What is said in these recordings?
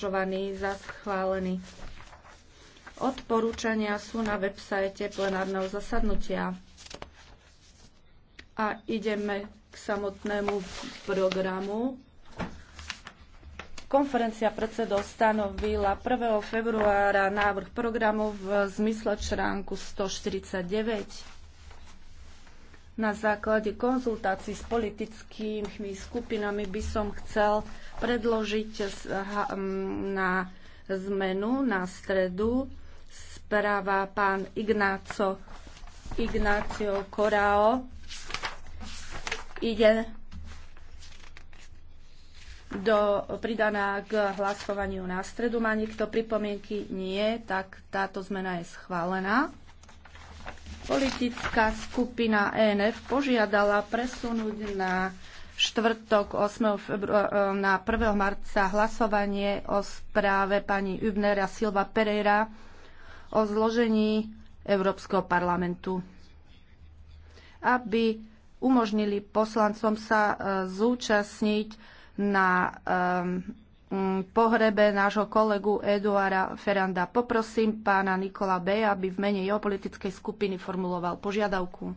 považovaný za schválený. Odporúčania sú na websajte plenárneho zasadnutia. A ideme k samotnému programu. Konferencia predsedov stanovila 1. februára návrh programu v zmysle článku 149 na základe konzultácií s politickými skupinami by som chcel predložiť na zmenu na stredu správa pán Ignáco, Ignácio Korao. Ide do pridaná k hlasovaniu na stredu. Má niekto pripomienky? Nie, tak táto zmena je schválená. Politická skupina ENF požiadala presunúť na štvrtok 8. Febru- e, na 1. marca hlasovanie o správe pani Übnera Silva Pereira o zložení Európskeho parlamentu, aby umožnili poslancom sa e, zúčastniť na um, Mm, pohrebe nášho kolegu Eduara Feranda. Poprosím pána Nikola B., aby v mene jeho politickej skupiny formuloval požiadavku.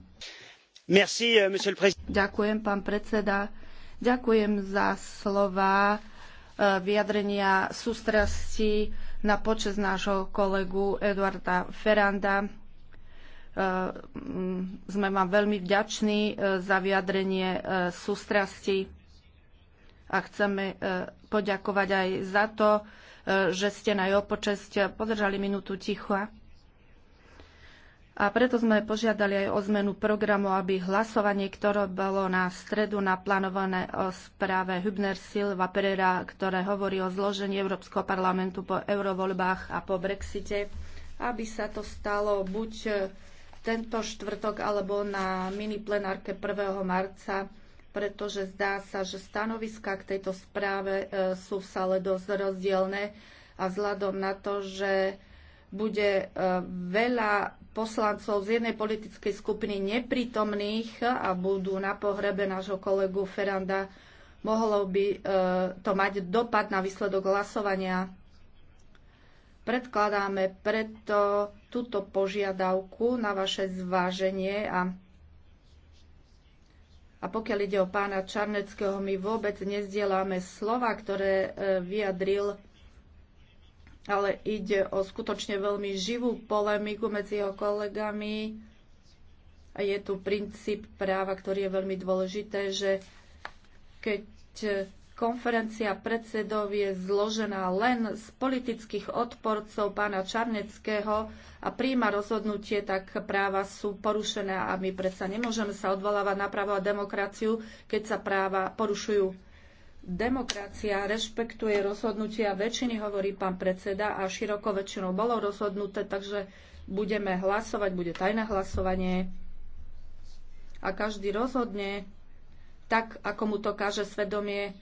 Merci, euh, Ďakujem, pán predseda. Ďakujem za slova e, vyjadrenia sústrasti na počas nášho kolegu Eduarda Feranda. E, mm, sme vám veľmi vďační e, za vyjadrenie sústrasti a chceme e, poďakovať aj za to, e, že ste na jeho počesť podržali minútu ticha. A preto sme požiadali aj o zmenu programu, aby hlasovanie, ktoré bolo na stredu naplánované o správe Hübner Silva Pereira, ktoré hovorí o zložení Európskeho parlamentu po eurovoľbách a po Brexite, aby sa to stalo buď tento štvrtok alebo na mini plenárke 1. marca pretože zdá sa, že stanoviska k tejto správe e, sú v sale dosť rozdielne a vzhľadom na to, že bude e, veľa poslancov z jednej politickej skupiny neprítomných a budú na pohrebe nášho kolegu Feranda, mohlo by e, to mať dopad na výsledok hlasovania. Predkladáme preto túto požiadavku na vaše zváženie a a pokiaľ ide o pána Čarneckého, my vôbec nezdielame slova, ktoré e, vyjadril, ale ide o skutočne veľmi živú polemiku medzi jeho kolegami. A je tu princíp práva, ktorý je veľmi dôležité, že keď e, Konferencia predsedov je zložená len z politických odporcov pána Čarneckého a príjma rozhodnutie, tak práva sú porušené a my predsa nemôžeme sa odvolávať na právo a demokraciu, keď sa práva porušujú. Demokracia rešpektuje rozhodnutia väčšiny, hovorí pán predseda, a široko väčšinou bolo rozhodnuté, takže budeme hlasovať, bude tajné hlasovanie a každý rozhodne tak, ako mu to káže svedomie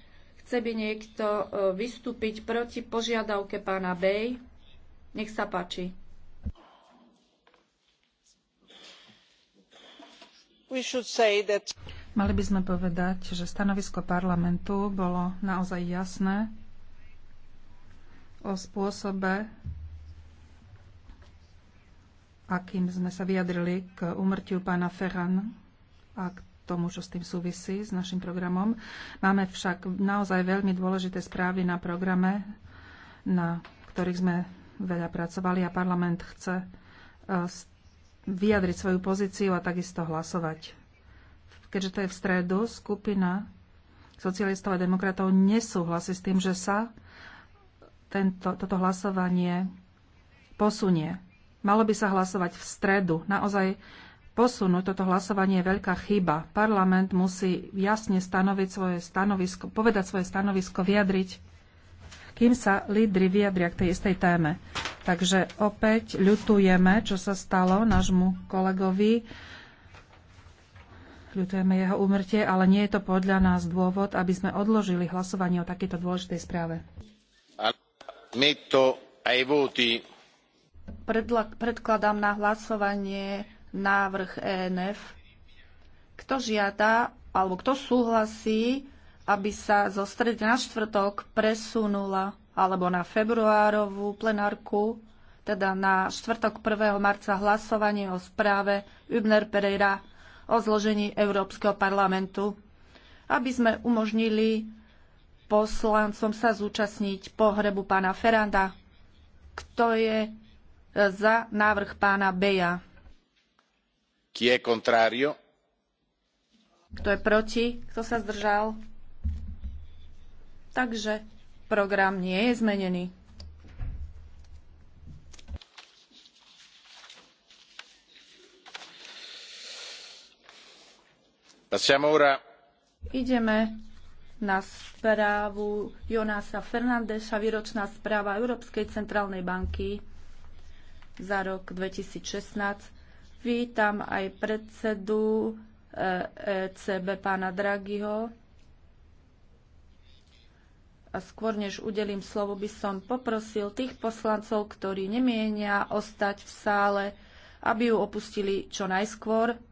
Chce by niekto e, vystúpiť proti požiadavke pána Bej? Nech sa páči. Mali by sme povedať, že stanovisko parlamentu bolo naozaj jasné o spôsobe, akým sme sa vyjadrili k umrtiu pána Ferran a k tomu, čo s tým súvisí, s našim programom. Máme však naozaj veľmi dôležité správy na programe, na ktorých sme veľa pracovali a parlament chce e, vyjadriť svoju pozíciu a takisto hlasovať. Keďže to je v stredu, skupina socialistov a demokratov nesúhlasí s tým, že sa tento, toto hlasovanie posunie. Malo by sa hlasovať v stredu. Naozaj posunúť toto hlasovanie je veľká chyba. Parlament musí jasne stanoviť svoje stanovisko, povedať svoje stanovisko, vyjadriť, kým sa lídry vyjadria k tej istej téme. Takže opäť ľutujeme, čo sa stalo nášmu kolegovi. Ľutujeme jeho úmrtie, ale nie je to podľa nás dôvod, aby sme odložili hlasovanie o takéto dôležitej správe. Predla- predkladám na hlasovanie návrh ENF, kto žiada alebo kto súhlasí, aby sa zo stredy na štvrtok presunula alebo na februárovú plenárku, teda na štvrtok 1. marca hlasovanie o správe Übner Pereira o zložení Európskeho parlamentu, aby sme umožnili poslancom sa zúčastniť pohrebu pána Feranda. Kto je za návrh pána Beja? Chi è contrario? Kto je proti? Kto sa zdržal? Takže program nie je zmenený. Ideme na správu Jonasa Fernandeša, výročná správa Európskej centrálnej banky za rok 2016. Vítam aj predsedu ECB eh, e pána Draghiho. A skôr než udelím slovo, by som poprosil tých poslancov, ktorí nemienia ostať v sále, aby ju opustili čo najskôr.